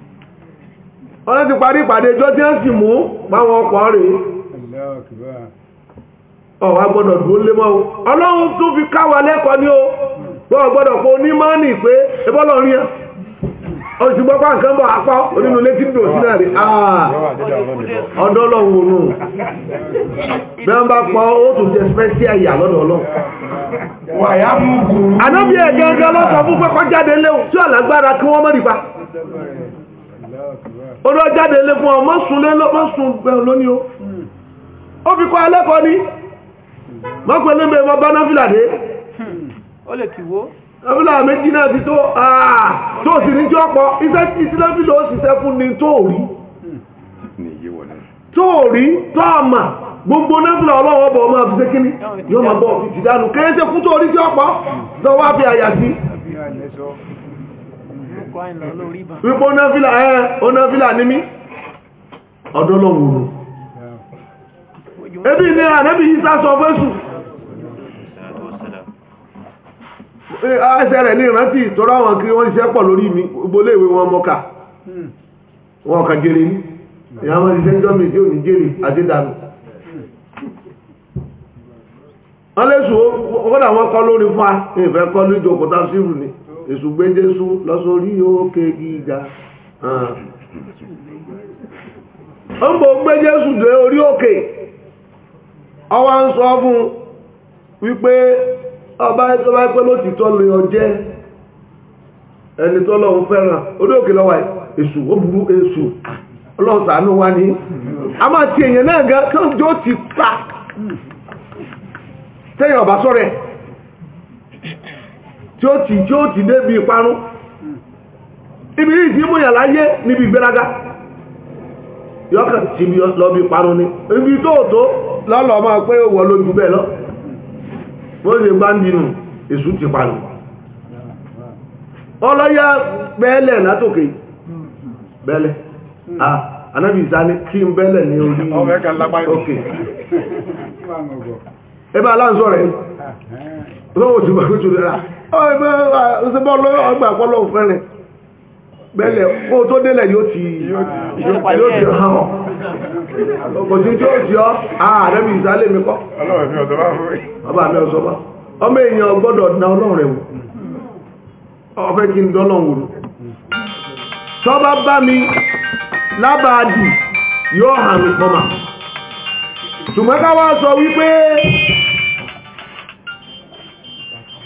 wọ́n ti parí ìpàdé ẹjọ́ tí wọ́n sì mú máwọn ọkọ̀ rèé ọ̀wà gbọ́dọ̀ dúró lé mọ́ o ọlọ́run tún fi káwà lẹ́kọ̀ọ́ ní o wọ́n gbọ́dọ̀ fún onímọ́ọ̀nì pé ẹbọ́lọ̀ rí ẹ oṣù nǹkan bọ̀ apá onínú létí dùn sí náà rí ah! ònú olúwa jáde lé fún ọ mọ́sùn lé mọ́sùn bẹ̀rùn lónìí o ó fi kọ́ alẹ́kọ́ ní mọ́pẹ̀lẹ́ mẹ́ mọ́ bá náfìlà dé ó lè kìwó náfìlà méjì náà ti tó àà tó sì ní jọ́pọ̀ iṣẹ́ tí ti náfìlà ó fún ni tó rí tó rí tó àmà gbogbo náfìlà ọlọ́wọ́ bọ̀ ọmọ wípé onáfílà ẹ́ onáfílà ní mí ọdún ebi ní ànábì yìí sá fẹ́sù ẹsẹ̀ rẹ̀ ní ìrántí ìtọ́rọ àwọn kiri wọ́n ṣiṣẹ́ pọ̀ lórí mi ìwé wọn mọ́ka wọn kà jèrè ní ìyá wọn ṣiṣẹ́ wọn Esu gbejesu lọsọ ori oke dị ịga. Ah. Ọmọ gbejesu dị ori oke, ọwa nsọ ọbụ wípé ọba eso bai pẹlọ ti tọlụyọ jẹ, ẹni tolọ ụfẹrọ ori oke lọwa esu gburugburu esu ọlọ ọsánu wani a maa ti eye na nga kọ tí ó ti tí ó ti débi ibi yìí tí múyàn láyé níbi ìgbéraga yọ́kà ti lọ bí ìparun ní. ibi tó tó lọ́lọ́ máa pé wọ́n lójú bẹ́ẹ̀ lọ bó ṣe gbá ń èṣù ti parun ọlọ́yà bẹ́ẹ̀lẹ̀ anábì kí n bẹ́ẹ̀lẹ̀ ní orí ẹbá rẹ̀ ah, lọ́wọ́ tó bá bẹ́lẹ̀ kó tó délẹ̀ yóò ti hàn ọ̀pọ̀jú tí ti ọ́ ààrẹ́bì ìsálẹ̀ mi kọ́ ọmọ èèyàn gbọ́dọ̀ na ọlọ́run rẹ̀ wò ọ̀fẹ́ kí n dọ́lọ́run bá mi yóò hàn mi sọ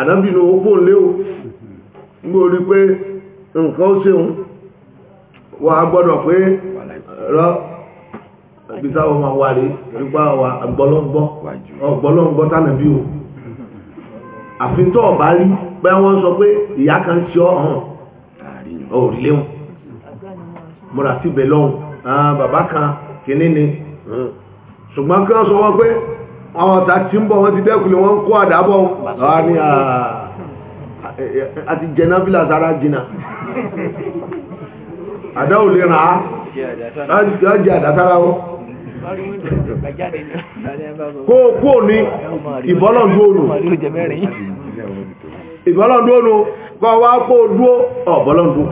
ànábì ní owó lé o gbé orí pé nǹkan ó ṣeun wà á gbọ́dọ̀ pé rọ ìgbésà wọn wà rí nípa wa àgbọ́lọ́gbọ́ ọ̀gbọ́lọ́gbọ́ tánàbí o àfintọ́ ọ̀bá rí pé wọ́n sọ pé ìyá kan ṣe ọ́ hàn òrìléhùn múra síbẹ̀ lọ́hùn ah, bàbá kan kìíní ṣùgbọ́n kí wọ́n sọ wọ́n pé àwọn ọ̀tá tí ń bọ̀ wọ́n ti dẹ́kùlẹ̀ wọ́n ń kó wọ́n ní àti jẹ̀nà sára jìnà àdá ò lè rà á ọjà àdá sára wọn kó kó ní ìbọ́lọ̀dúnrún ìbọ́lọ̀dúnrún kọ́ wá kó dúó ọ̀bọ́lọ̀dún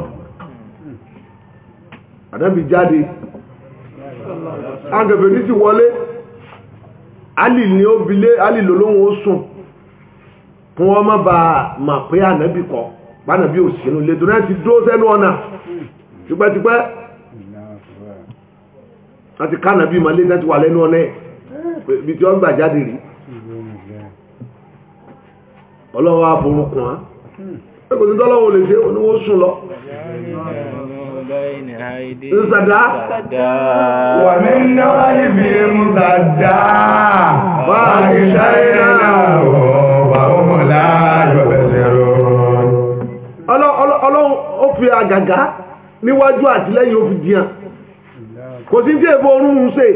ní ti wọlé alì ni ó alì lólóhun ó sùn fún ọmọ ba mà pé ànábì kọ pánàbí ò sínú lè dùn náà ti dúró sẹ́nu ọ̀nà tipẹ́tipẹ́ láti kánàbí na lé ka wà lẹ́nu ọ̀nà ibi tí ó gbà jáde rí ọlọ́wọ́ aforúkùn á ẹgbẹ̀rún tọ́lọ́wọ́ lè ṣe oníwó sùn lọ بين أيديهم سدا ومن خلفهم سدا وأغشيناهم فهم لا يبصرون ọlọ́run ó fi àgàgá níwájú àtìlẹ́yìn ó fi kò sí tí èbó orun ń ṣe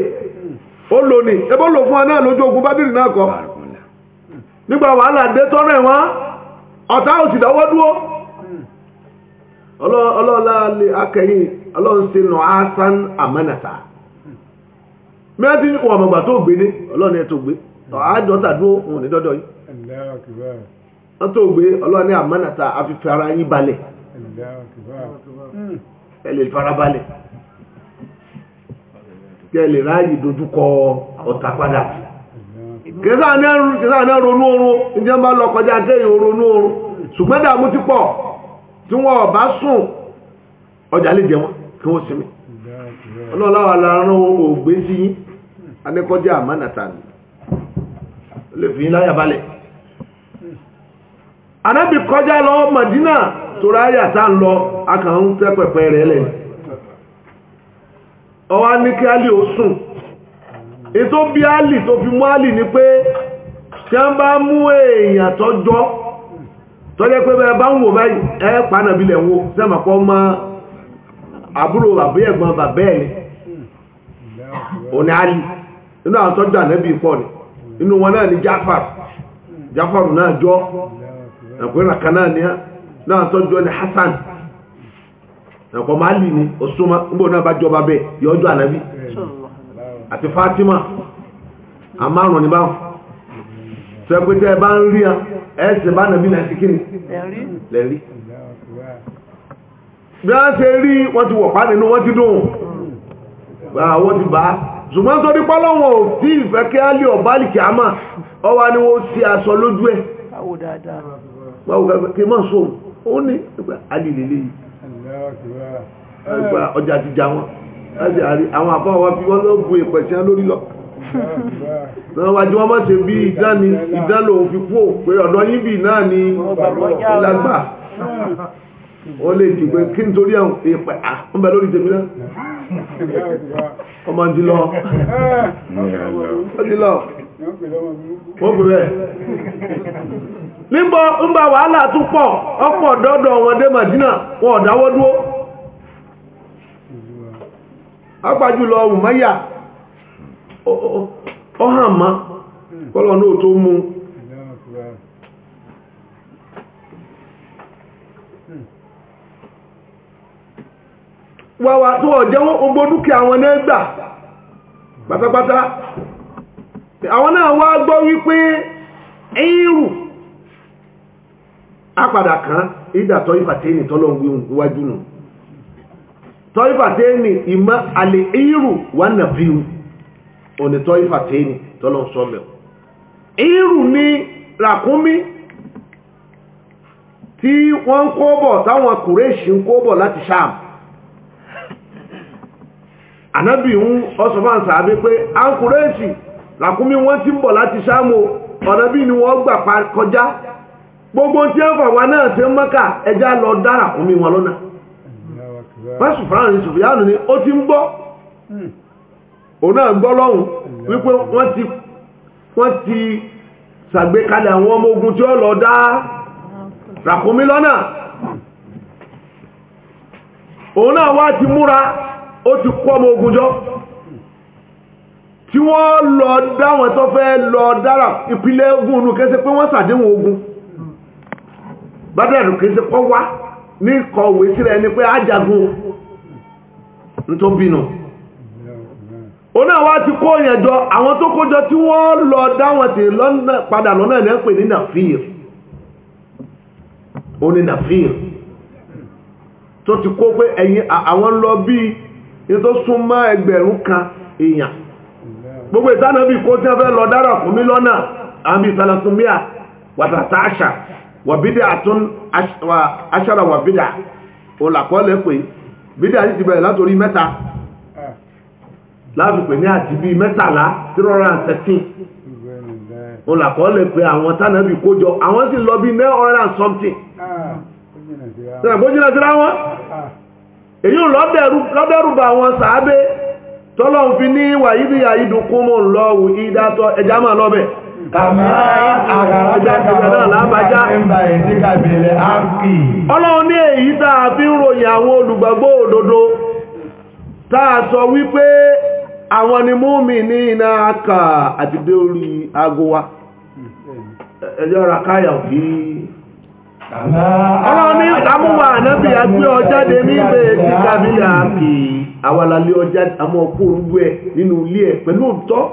ó lò ní ebó lò fún wa náà lójú ogun bábìrì náà kọ nígbà wàhálà dé tọ́rẹ̀ wọn ọ̀tá òsì dáwọ́ dúró ọlọ́ọ̀lọ́ọ̀lẹ́ akẹ́yìn ọlọ́ọ̀sẹ̀ nù asan amẹ́nata wọ́n mọ̀gbà tó gbé ní ẹ̀ tó gbé dúró ní dọ́dọ̀ yìí tó gbé ara balẹ̀ dojúkọ padà kẹsàn-án ronú oorun lọ kọjá ronú oorun ṣùgbọ́n ti pọ̀ tí wọ́n bá sùn ọjà lè jẹun kí wọ́n sinmi ọlọ́láwà láàrín ògbé sí yí anẹ́kọ́jẹ́ àmánàtà ní lè fi láyà balẹ̀ kọjá lọ tó ráyà ń lọ akàrún rẹ̀ ètò tó fi mú alì ni pé tí wọ́n bá mú èèyàn tọ́jẹ́ pé bẹ́ẹ̀ bá ń wò báyìí ẹ pàánàbí lẹ̀ ń wo sẹ́mà pọ́ mọ́ àbúrò àbúrò bàbẹ́ ẹ̀ òní àlì inú àwọn tọ́jú pọ̀ ni inú wọn náà ni jáfàr jáfàr náà jọ ẹ̀kùnrin kan náà ni náà tọ́jú ni hasan ẹ̀kọ́ máa lì ní osúnmọ́ náà bá jọba bẹ́ẹ̀ yọjú àti fatima ni báwọn sẹ́gbẹ́tẹ́ bá ń rí ẹ̀ẹ́sẹ̀ bá nàbí náà ti kíni lẹ́rí bí a ṣe rí wọ́n ti wọ̀pá nínú wọ́n ti dùn àwọn ti bá ṣùgbọ́n tó rí pọ́lọ́wọ̀n ò tí ìfẹ́ kí á lè ọ̀bálì kí á mà ọwá ni wọ́n ṣe aṣọ lójú ẹ̀ kí mọ́ sóun ó wọ́n lọ́ bu ìpẹ̀sẹ̀ lórí lọ́kọ̀ wájú wọn má ṣe bí ìdáni ìdánlò òun fi kú ọ̀dọ́ yín bì náà ni ìlágbà ó lè jù pé kí nítorí àwọn èèpẹ̀ à ń bẹ lórí tèmi náà ọmọ lọ lọ pè bẹ́ẹ̀ ń bá wàhálà tún pọ̀ ọ̀pọ̀ dọ́dọ̀ wọn dé wọn ọha ma kọ́lọ̀ náà ụmụ wàwà tó ọ̀jẹ́wọ́ ogbó dúkìá àwọn náà pátápátá àwọn náà wá gbọ́ wípé ẹ̀yìnrù apàdà kan ìdàtọ̀ ìfàtẹ́ni tọ́lọ̀wí wájú nù tọ́lífàtẹ́ni ìmọ̀ àlè ẹ̀yìnrù wà nà onítọ́ ìfàtẹ́ni tọ́lọ̀ sọ́mẹ̀ irú iru ni tí wọ́n ń kó bọ̀ táwọn kùrẹ́ṣì ń kó bọ̀ láti sáàmù ànábì ń ọsọ̀fà sàábé pé a ń kùrẹ́ṣì wọ́n ti ń bọ̀ láti sáàmù ọ̀nàbí ni wọ́n gbà kọjá gbogbo tí náà ti ń mọ́kà ẹjá lọ dá ràkúnmí wọn lọ́nà fásitì ni ń òun náà gbọ́ lọ́hùn wípé wọ́n ti wọ́n ti àwọn ọmọ ogun tí ó lọ dá ràkúnmí lọ́nà òun náà wá ti múra ó ti kó ọmọ ogun jọ tí wọ́n lọ dá wọn tó fẹ́ lọ dára ìpìlẹ̀ ogun òun kése pé wọ́n sàdéhùn ogun bádẹ́rù kése kọ́ wá ní kọ̀wé sílẹ̀ ni pé ajagun ń tó bínú. oní àwa ti kó yẹn jọ àwọn tó kó jọ tí wọ́n lọ dáwọn tè padà lọ́nà ilẹ̀ ń pè ní nàfíìr ó ní nàfíìr tó ti kó pé ẹ̀yìn àwọn lọ bí i tó súnmọ́ ẹgbẹ̀rún kan èèyàn gbogbo isanabi bí kó tí wọ́n fẹ́ lọ dára kù mí lọ́nà àmì ìsàlẹ̀sùnmíà wàtàtà àṣà wàbídà àtún àṣàrà wàbídà lẹ́pẹ́ bídà yìí ti bẹ̀rẹ̀ láàbùpẹ̀ ní àti bíi mẹ́tàlá three hundred and thirteen lè àwọn tánàbì àwọn lọ bí hundred something sọ̀rọ̀ bójú síra wọn èyí lọ́bẹ̀rù wọn sàábé tọ́lọ̀ fi ní lọ́wù ìdátọ́ ẹjá máa lọ́bẹ̀ sọ wípé àwọn ni múmi ní iná aka àti dé orí aago wa ẹjọ́ ra káyà òkè ọlọ́run ní àmúwà ànábì agbé ọjáde ní ibẹ̀ tí kàbílẹ̀ àkè àwàlálé ọjá àmọ́ ọkọ̀ orúgbó ẹ̀ nínú ilé ẹ̀ pẹ̀lú òótọ́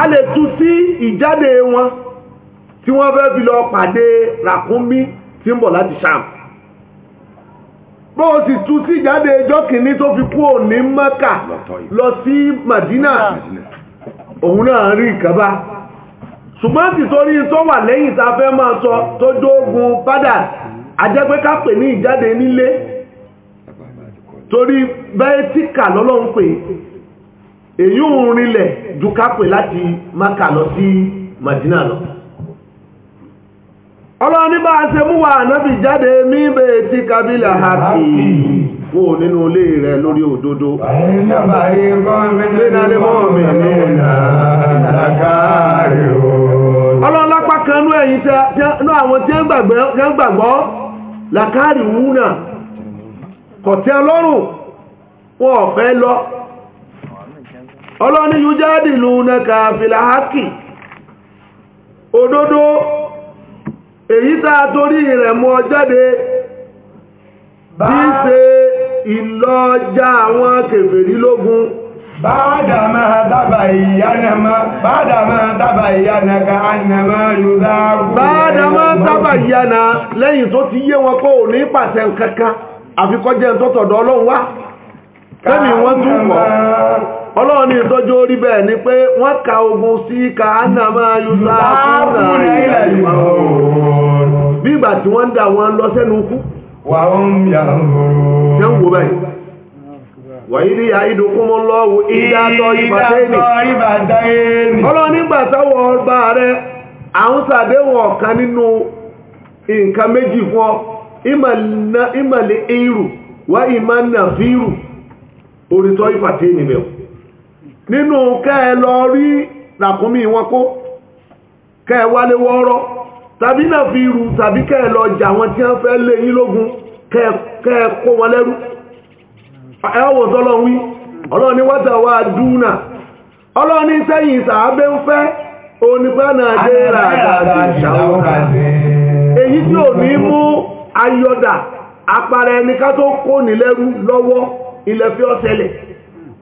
a lè tú sí ìjáde wọn tí wọ́n fẹ́ fi lọ pàdé ràkúnmí tí ń bọ̀ láti Ṣàm bó o sì tú sí ìjáde ẹjọ́ kìíní tó fi kú òní Mẹ́kà lọ sí Màdínà òun náà rí ìkàbá ṣùgbọ́n sì torí tó wà lẹ́yìn tá a fẹ́ máa sọ tó dógun padà ajẹ́pẹ́ ká pè ní ìjáde nílé torí bẹ́ẹ̀ tí kà lọ́lọ́run pè èyí òun rinlẹ̀ ju ká pè láti Mẹ́kà lọ sí Màdínà lọ. ọlọ́run ní bá ṣe mú wa ànábì jáde mí wò nínú ilé rẹ lórí òdodo. àìnàbàrí gọ́ọ̀mẹ́tì ní ẹ̀yìn tẹ àwọn tí ń gbàgbọ́ làkàrí wúnà wọn lọ. lùnà kàfìlà èyí tá a torí rẹ̀ jáde bí í ṣe ìlọ́jà àwọn kèfèrílógún lógún báadà máa dábà ìyánàmá báadà máa dábà ìyánà ànàmá máa dábà ìyánà lẹ́yìn tó ti yé wọn kọ́ ò ní pàṣẹ kankan àfikọ́jẹ́ tó tọ̀dọ̀ ọlọ́run wá kẹ́mi wọ́n tún ọlọ́run ní ìtọ́jú orí bẹ́ẹ̀ ni pé wọ́n ka ogun sí ka anna máa yú sáàkúnà ilẹ̀ ìwà oòrùn bí ìgbà tí wọ́n ń dà wọ́n lọ sẹ́nu kú wà ń yà ṣe ń wo báyìí wàyí lọ́wọ́ ọlọ́run nígbà táwọn ọba rẹ àwọn sàdéhùn ọ̀kan nínú nǹkan méjì fún ọ ìmàlẹ̀ wá ìmàlẹ̀ fírù nínú kẹ́ ẹ lọ rí ràkúnmí wọn kó kẹ́ ẹ wálé wọ́ọ́rọ́ tàbí náà fi rù tàbí kẹ́ ẹ lọ jà wọn tí wọ́n fẹ́ lé yín lógun kẹ́ ẹ kó wọn lẹ́rú ẹ wò sọ́lọ́ wí ọlọ́ni wọ́tà wá dúnà ọlọ́ni sẹ́yìn sàábẹ́ ń fẹ́ onípẹ́nà dé ràdàdà ìṣàwọ́kà èyí tí ò ní mú ayọ̀dà apara ẹni ká tó kó nílẹ́rú lọ́wọ́ ilẹ̀ fi ọ́ ṣẹlẹ̀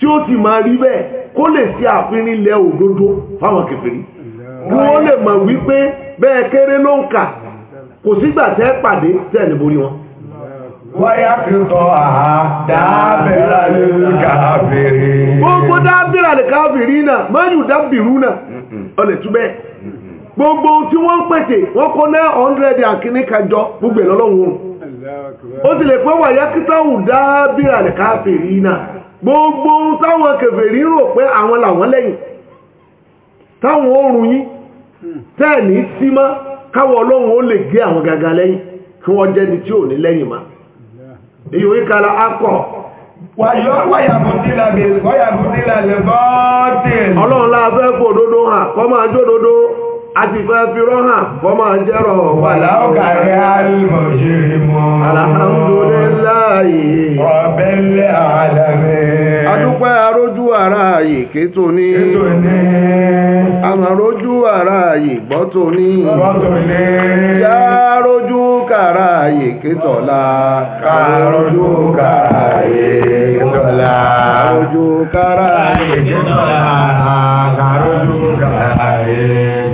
tí ó sì máa rí bẹ́ẹ̀ kó lè ṣe àfinilẹ̀ òdodo fáwọn kèfèrí kí wọ́n lè mọ̀ wípé bẹ́ẹ̀ kéré ló ń kà kò sígbà tẹ́ pàdé tẹ́ lè borí wọn. wáyà gbogbo lè káfìrí náà dábìrú ọ lè gbogbo tí wọ́n wọ́n kọ́ ọ̀ndẹ̀rẹ̀dì gbogbo ó sì lè pẹ́ wáyà gbogbo táwọn kèfèrí rò pé àwọn làwọn lẹ́yìn táwọn oòrùn yín hmm. tẹ́ẹ̀ní má káwọn ọlọ́run ó lè gé àwọn gaga lẹ́yìn kí wọ́n jẹ́ ni tí ò ní lẹ́yìn má èyí akọ̀ àti ìfẹ́ fi rọ́hàn fọ́mọ̀ jẹ́rọ̀ wà láọ́kàrẹ́ alìmọ̀ṣẹ́rẹ́ mọ́ alhamdulillahi ọ̀bẹ̀lẹ̀ àdàmẹ́ adúpẹ́ arójú ara ààyè kétò ní àmàrójú ara ààyè gbọ́tò ní yá rójú kàrà ààyè kétọ̀lá kàrójú kàrà ààyè kétọ̀lá kàrójú kàrà ààyè kétọ̀lá kàrójú kàrà